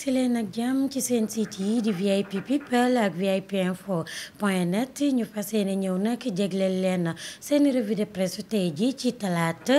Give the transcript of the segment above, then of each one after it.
si leen ak jàmm ci seen site yi di VIP people ak VIP info point net ñu fas yéene ñëw nag jégleel leen na seen revue de presse tey ji ci talaata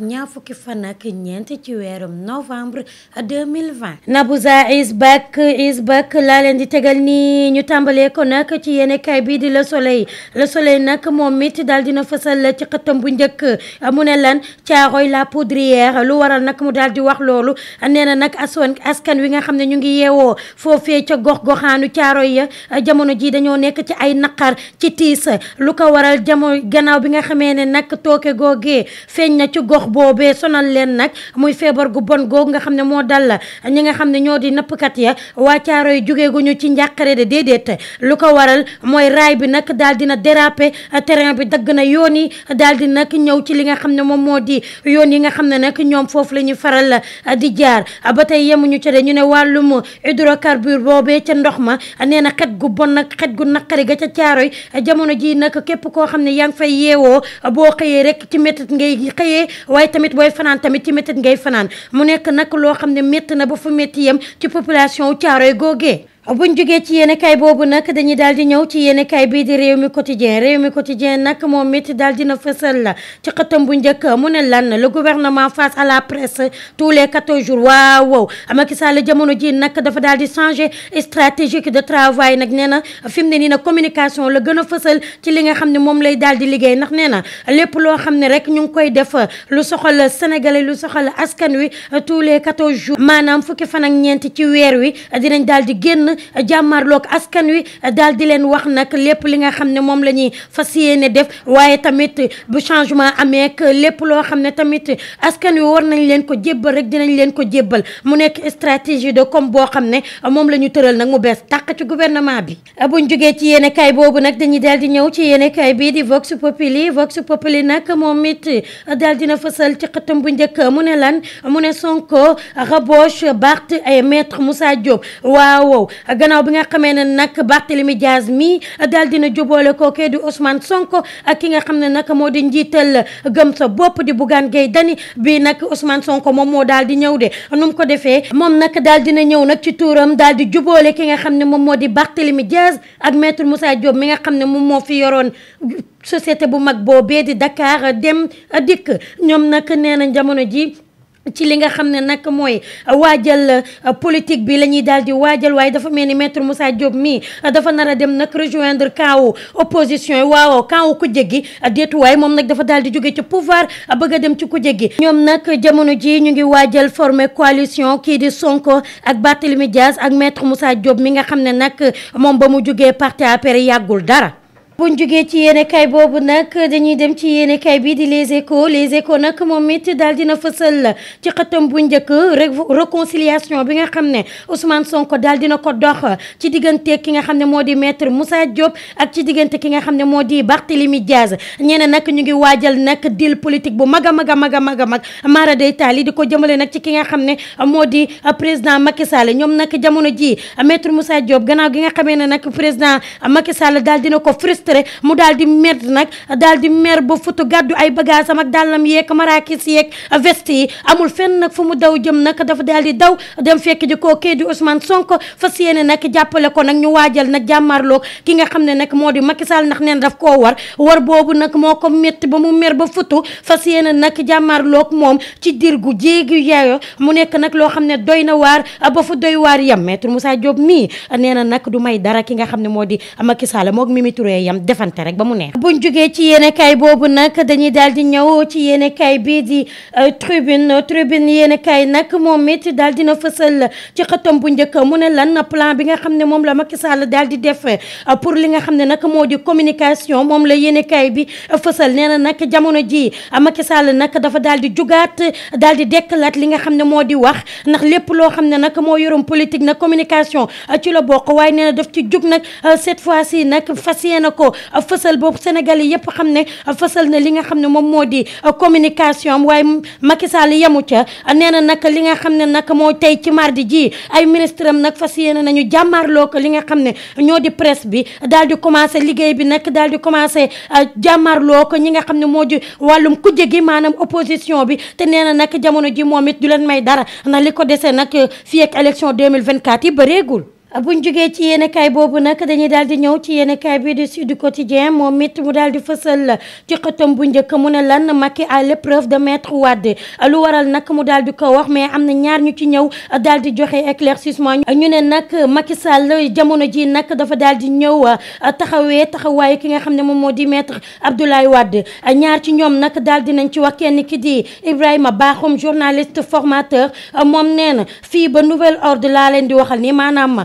ñaa fukki fan ak ñeent ci weerum novembre 2020 Nabouza is back is back laa leen di tegal nii ñu tàmbalee ko nag ci yéene kaay bi di la Soleil Le Soleil nag moom it daal dina fësal ci xëtam bu njëkk mu ne lan caaroy la poudrière lu waral nag mu daal di wax loolu nee na nag askan wi nga xam ne ñu ngi yeewoo foofee ca gox goxaanu caaro ya jamono ji dañoo nekk ci ay naqar ci tiis lu ko waral jamono gannaaw bi nga xamee ne nag tooke googee feeñ na ci gox boobee sonal leen nag muy feebar gu bon googu nga xam ne moo dal la ñi nga xam ne ñoo di nappkat ya waa caaro yi jógeeguñu ci njàqare de lu ko waral mooy raay bi nag daal dina déraper terrain bi dagg na yoon yi daal di nag ñëw ci li nga xam ne moom moo di yoon yi nga xam ne nag ñoom foofu la ñuy faral di jaar ba tey yemuñu ci de ñu ne wàllum hydrocarbure boobee ca ndox ma nee na xet gu bon nag xet gu naqari ga ca caaroy jamono ji nag képp koo xam ne yaa fay yeewoo boo xëyee rek ci métit ngay xëyee waaye tamit booy fanaan tamit ci métit ngay fanaan mu nekk nag loo xam ne métti na ba fu métti yem ci population caaroy googee buñ jógee ci yéen kaay boobu nag dañuy daal di ñëw ci yéen kaay bii di réew mi quotidien réew mi quotidien nag moom it daal dina fësal la ci xëtam bu njëkk mu ne lan le gouvernement face à la presse tous les 14 jours waaw waaw Macky Sall jamono jii nag dafa daal di changer stratégique de travail nag nee na fi mu ne nii nag communication la gën a fësal ci li nga xam ne moom lay daal di liggéey ndax nee na lépp loo xam ne rek ñu ngi koy def lu soxal sénégalais lu soxal askan wi tous les 14 jours maanaam fukki fan ak ñeent ci weer wi dinañ daal di génn jàmmarloog askan wi dal di len wax nak lepp li nga xamne mom lañuy fassiyene def waye tamit bu changement amee lépp loo xam tamit askan wi war nañ len ko djebbal rek dinañ len ko djebbal mu nek stratégie de comme bo xamne mom lañu teurel nak mu bes tak ci gouvernement bi buñ jógee ci yene kay bobu nak dañuy dal di ñew ci yene kay bi di Vox Populi Vox Populi nak moom it daal dina fësal ci xatam buñ njëkk mu ne lan mu ne Sonko raboche Barth ay maître Moussa Diop waaw gannaaw bi nga xamee ne nag Barthélemy Diaz mii daal dina jubóole kookee di Ousmane Sonko ak ki nga xam ne nag moo di njiital gëm sa bopp di Bougane Gueye Dany bi nag usmaan Sonko moom moo daal di ñëw de nu mu ko defee moom nag daal dina ñëw nag ci tuuram daal di jubóole ki nga xam ne moom moo di bartilimi Diaz ak maître Moussa Diop mi nga xam ne moom moo fi yoroon société bu mag boobee di Dakar dem a dikk ñoom nag nee na jamono ji ci li nga xam ne nag mooy waajal euh, politique bi la ñuy daal di waajal waaye dafa mel ni maître Moussa Diop mii euh, dafa nar a dem nag rejoindre camp opposition yi waaw camp kujje gi euh, déetuwaay moom nag dafa daal di jóge ci pouvoir bëgg a dem ci kujje gi ñoom nag jamono ji ñu ngi waajal former coalition kii di Sonko ak Barthélemy Dias ak maître Moussa Diop mi nga xam ne nag moom ba mu jógee parti APR yàggul dara buñ jógee ci yéenekaay boobu nag dañuy dem ci yéenekaay bi di les échos les échos nag moom it daal dina fësal ci xëtam bu njëkk réconciliation bi nga xam ne Ousmane Sonko daal dina ko dox ci diggante ki nga xam ne moo di maître Moussa Diop ak ci diggante ki nga xam ne moo di Barthélémy Diaz ñeneen nag ñu ngi waajal nag deal politique bu mag a mag a mag a mag a mag mara day taali di ko jëmale nag ci ki nga xam ne moo di président Macky Sall ñoom nag jamono ji maître Moussa Diop gannaaw gi nga xamee ne nag président Macky Sall daal dina ko frustré enregistré mu daal di mer nag daal di mer ba futu gàddu ay bagage am ak dàllam yeeg marakis yeeg veste yi amul fenn nag fu mu daw jëm nag dafa daal di daw dem fekk ji koo kii di Ousmane Sonko fas yéene nag jàppale ko nag ñu waajal nag jàmmarloog ki nga xam ne nag moo di Macky Sall ndax neen daf koo war war boobu nag moo ko métti ba mu mer ba futu fas yéene nag jàmmarloog moom ci dirgu gu jéegi yaayo mu nekk nag loo xam ne doy na waar aba fu doy waar yem maître Moussa Diop mii nee na nag du may dara ki nga xam ne moo di Macky Sall moog Mimi Touré defante rek ba mu neex buñ jógee ci kay bobu nak dañuy daldi ñëw ci kay bi di tribune tribune kay nak mom it daldi na fessel ci xëtam buñ jëk mu ne lan plan bi nga xamne mom la Macky Sall daldi di def pour li nga xamne nak modi communication mom la kay bi fessel neena nak jamono ji Macky Sall nak dafa daldi di jugaat daldi di li nga xamne modi di wax nak lépp lo xamne nak mo moo politique na communication ci la bok way neena daf ci jug nak cette fois ci nak fas ko ko fësal boobu Sénégal yi yëpp xam ne fësal na li nga xam ne moom moo di communication am waaye Macky Sall yemu ca nee na nag li nga xam ne nag moo tey ci mardi ji ay ministre am nag fas na nañu jàmmaarloo ko li nga xam ne ñoo di presse bi daal di commencé liggéey bi nag daal di commencé euh, jàmmaarloo ko ñi nga xam ne moo di wàllum kujje gi maanaam opposition bi te nee na nag jamono ji moom it du leen may dara na li ko dese nag fii ak élection 2024 yi bëreegul buñ jógee ci yéenekaay boobu nag dañuy daal di ñëw ci yéenekaay bii di Sud Quotidien moom it mu daal di fësal ci xëtam bu njëkk mu ne lan Macky à l'épreuve de Maître Wade lu waral nag mu daal di ko wax mais am na ñaar ñu ci ñëw daal di joxe éclaircissement ñu ne nag Macky Sall jamono ji nag dafa daal di ñëw taxawee taxawaayu ki nga xam ne moom moo di Maître Abdoulaye Wade ñaar ci ñoom nag daal di nañ ci wax kenn ki di Ibrahima Bakhoum journaliste formateur moom nee na fii ba nouvel ordre laa leen di waxal ni maanaam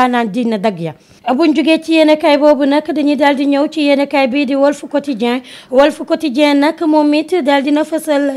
ngaa naan jiñ na dagg ya Ah, buñ jógee ci yene kay bobu nak dañuy daldi ñew ci yene kay bi di wolf Quotidien wolf Quotidien nak momit daldi na dina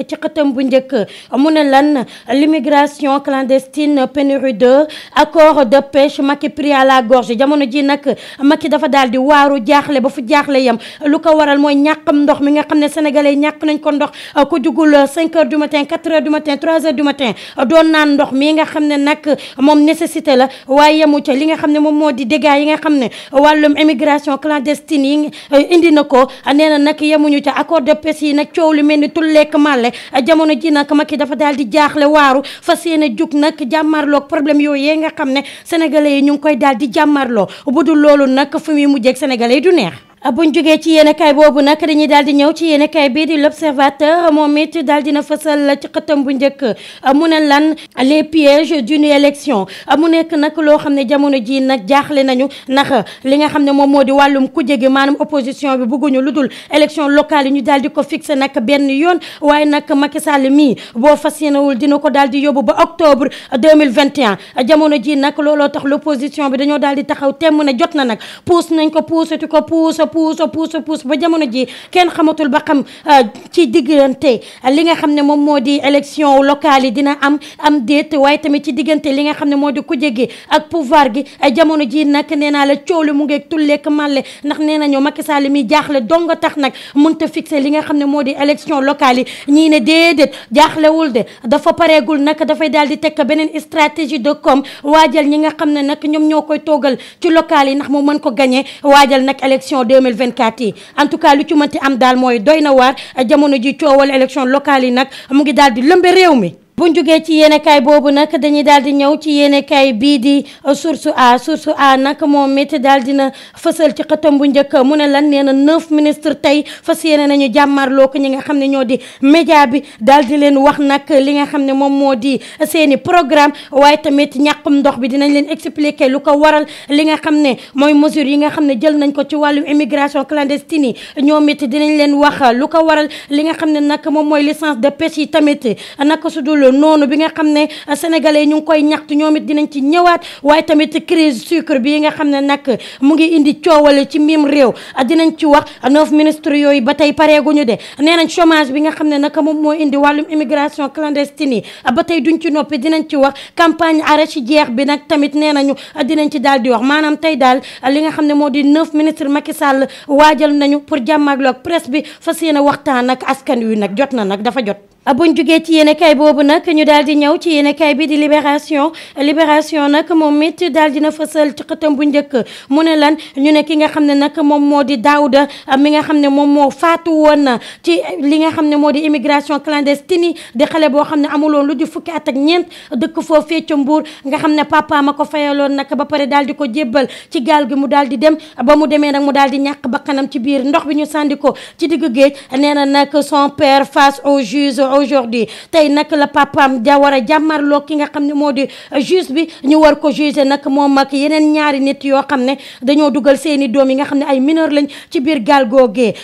ci xëtam buñ njëkk mu lan l'immigration clandestine pénurie de accord de pêche Macky pris à la gorge jamono ji nak Macky dafa daldi waru jaxlé ba fu jaxlé yam lu ko waral moy ñàkkam ndox mi nga xamné sénégalais ñàkk nañ ko ndox ko jugul 5 h du matin 4 h du matin 3 h du matin do nan ndox mi nga xamné nak mom nécessité la waaye yemu ci li nga xamné mom modi dégâts yi xam ne wàllum immigration clandestine yi indi na ko nee na nag yemuñu ca accord de yi nag coow lu mel ni tul lekk màlle jamono ji nag Macky dafa daal di jaaxle waaru fas yéene jug nag jàmmarloog problème yooyu yee nga xam ne sénégalais yi ñu ngi koy daal di jàmmarloo bu dul loolu nag fu muy mujjeeg sénégalais yi du neex Ah, buñ jógee ci yéenekaay bobu nak dañuy daldi ñew ñëw ci yéenekaay bi di l'observateur moom it daal dina fësal ci xëtam bu njëkk ah, mu ne lan les pièges d'une élection ah, mu nekk nag loo xam jamono ji nak jaxlé nañu nak li nga xam ne moom walum ku wàllum manam opposition bi bëggu ñu luddul élection locale ñu daldi ko fixer nak benn yoon waye nak Macky Sall mi bo fas wul dina ko daldi di ba octobre 2021 jamono ji nak looloo tax l'opposition bi dañoo daldi taxaw temm na jot na nag puus nañ ko puusati ko puus puuso puuso puus ba jamono ji ken xamatul ba xam ci diggante li nga xam ne moom élection locale dina am am déet waaye tamit ci diggante li nga xam ne moo di ak pouvoir gi jamono ji nag nee naa la coow li mu ngeeg tulleeg màlle ndax nee nañu Macky Sall mi jaaxle donga tax nag mënta fixé li nga xam ne élection locale yi ñii ne déedéet Dafo de dafa pareegul nag dafay daal di tekk beneen stratégie de com waajal ñi nga xam ne nag ñoom ñoo ci locale ndax mu mën ko gagné waajal nag élection 2024 yi en tout cas lu ci mënti am daal mooy doy na waar jamono ji coowal élection locale yi nag mu ngi daal di lëmbe réew mi bu ñu jógee ci yéenekaay boobu nag dañuy daal di ñëw ci yéenekaay bii di source a source a nag moom it daal na fësal ci xëtam bu njëkk mu ne lan nee na neuf ministre tey fas yéene nañu jàmmarloo ko ñi nga xam ne ñoo di média bi daal di leen wax nag li nga xam ne moom moo di seeni programme waaye tamit ñàkkum ndox bi dinañ leen expliquer lu ko waral li nga xam ne mooy mesure yi nga xam ne jël nañ ko ci wàllu immigration clandestine yi ñoom it dinañ leen wax lu ko waral li nga xam ne nag moom mooy licence de pêche yi tamit loolu noonu bi nga xam ne sénégalais ñu ngi koy ñaxtu ñoom it dinañ ci ñëwaat waaye tamit crise sucre bi nga xam ne nag mu ngi indi coowale ci mim réew dinañ ci wax neuf ministre yooyu ba tey pareeguñu de nee nañ chômage bi nga xam ne nag moom moo indi wàllum immigration clandestine yi ba tey duñ ci noppi dinañ ci wax campagne jeex bi nag tamit nee nañu dinañ ci daal di wax maanaam tey daal li nga xam ne moo di neuf ministre Macky sàll waajal nañu pour jàmmaarloo ak presse bi fas seena waxtaan ak askan wi nag jot na nag dafa jot Ah, buñ jugee ci yéenekaay boobu nag ñu daal di ñëw ci yéenekaay bii di libération libération nag moom it daal dina fësal ci xëtam bu njëkk mu ne lan ñu ne ki nga xam ne nag moom moo di Daouda ah, mi nga xam ne moom moo faatu woon ci li nga xam ne moo di immigration clandestine di xale boo xam ne amuloon lu di fukki at ak ñeent dëkk foofee ca Mbuur nga xam ne papa ma ko fayaloon nag ba pare daal di ko jébbal ci gaal gi mu daal di dem ba mu demee nag mu daal di ñàkk kanam ci biir ndox bi ñu sàndi ko ci diggu géej nee na nag son père face au juge aujourd'hui tey nak la papaam ja war a jàmmarloo ki nga xam ne moo di euh, juge bi ñu war ko juger nag moo mag yeneen ñaari nit yoo xam ne dañoo dugal seeni doom yi nga xam ne ay mineur lañ ci biir gaal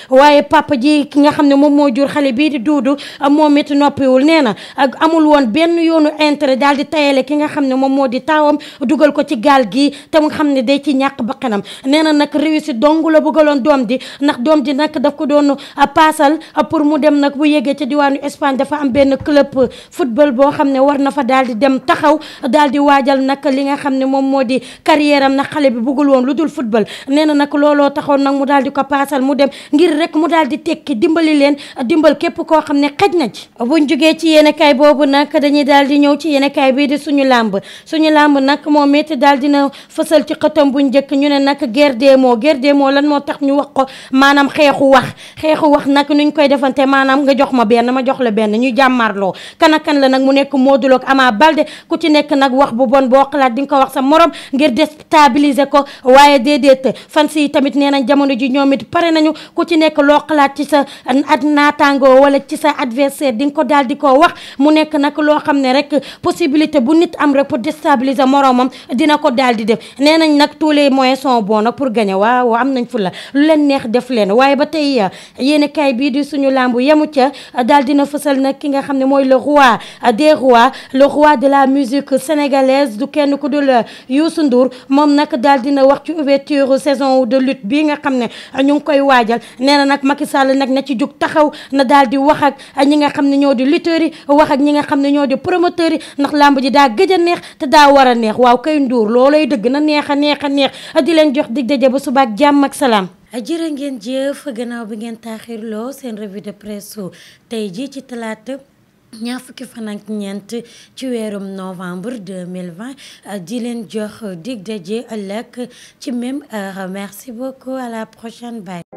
waaye papa ji ki nga xam ne moom moo jur xale bii di duudu euh, moom it noppiwul nee na amul woon benn yoonu intérêt daal di tayale ki nga xam ne moom moo di taawam dugal ko ci gaal gi te mu xam ne day ci ñàkk bakkanam nee na nag réussite dong la bëggaloon doom di ndax doom di nag daf ko doon euh, paasal pour mu dem nag bu yeggee ci diwaanu Espagne dafa am benn club football boo xam ne war na fa daal di dem taxaw dal di waajal nag li nga xam ne moom moo di carrière na xale bi bëggul woon lu dul football nee na nag looloo taxoon nag mu daal di ko paasal mu dem ngir rek mu daal di tekki dimbali leen dimbal képp koo xam ne xaj na ci buñ jógee ci yéen kaay boobu nag dañuy daal di ñëw ci yéen bii di suñu làmb suñu làmb nag moom it daal dina fësal ci xëtam bu njëkk ñu ne nag guerre des mots guerre lan moo tax ñu wax ko maanaam xeexu wax xeexu wax nag nuñ koy defante maanaam nga jox ma benn ma jox la benn ne ñu jàmmarloo kan kan la nag mu nekk Modou Lo ak Ama Balde ku ci nekk nag wax bu bon boo xalaat di nga ko wax sa morom ngir déstabiliser ko waaye déedéet fans yi tamit nee nañ jamono ji ñoom it pare nañu ku ci nekk loo xalaat ci sa at naataango wala ci sa adversaire di nga ko daal di ko wax mu nekk nag loo xam ne rek possibilité bu nit am rek pour déstabiliser moromam dina ko daal di def nee nañ nag tous les moyens sont bons pour gagner waaw am nañ fulla lu leen neex def leen waaye ba tey di suñu làmb yemu ca nag ki nga xam ne mooy le roi des rois le roi de la musique sénégalaise du kenn ku dul Youssou Ndour moom nag daal dina wax ci ouverture saison de lutte bi nga xam ne ñu ngi koy waajal nee na nag Macky Sall nag na ci jug taxaw na daal di wax ak ñi nga xam ne ñoo di lutteurs yi wax ak ñi nga xam ne ñoo di promoteurs yi ndax làmb ji daa gëj a neex te daa war a neex waaw kay Ndour loolay dëgg na neex a neex a neex di leen jox di daje ba subaak ak jàmm ak salaam jërë ngeen jëf gannaaw bi ngeen lo seen revue de presse tay ji ci talaata ñaar fukki fan ak ci weerum novembre 2020 di leen jox dig daje ëllëg ci même merci beaucoup à la prochaine bye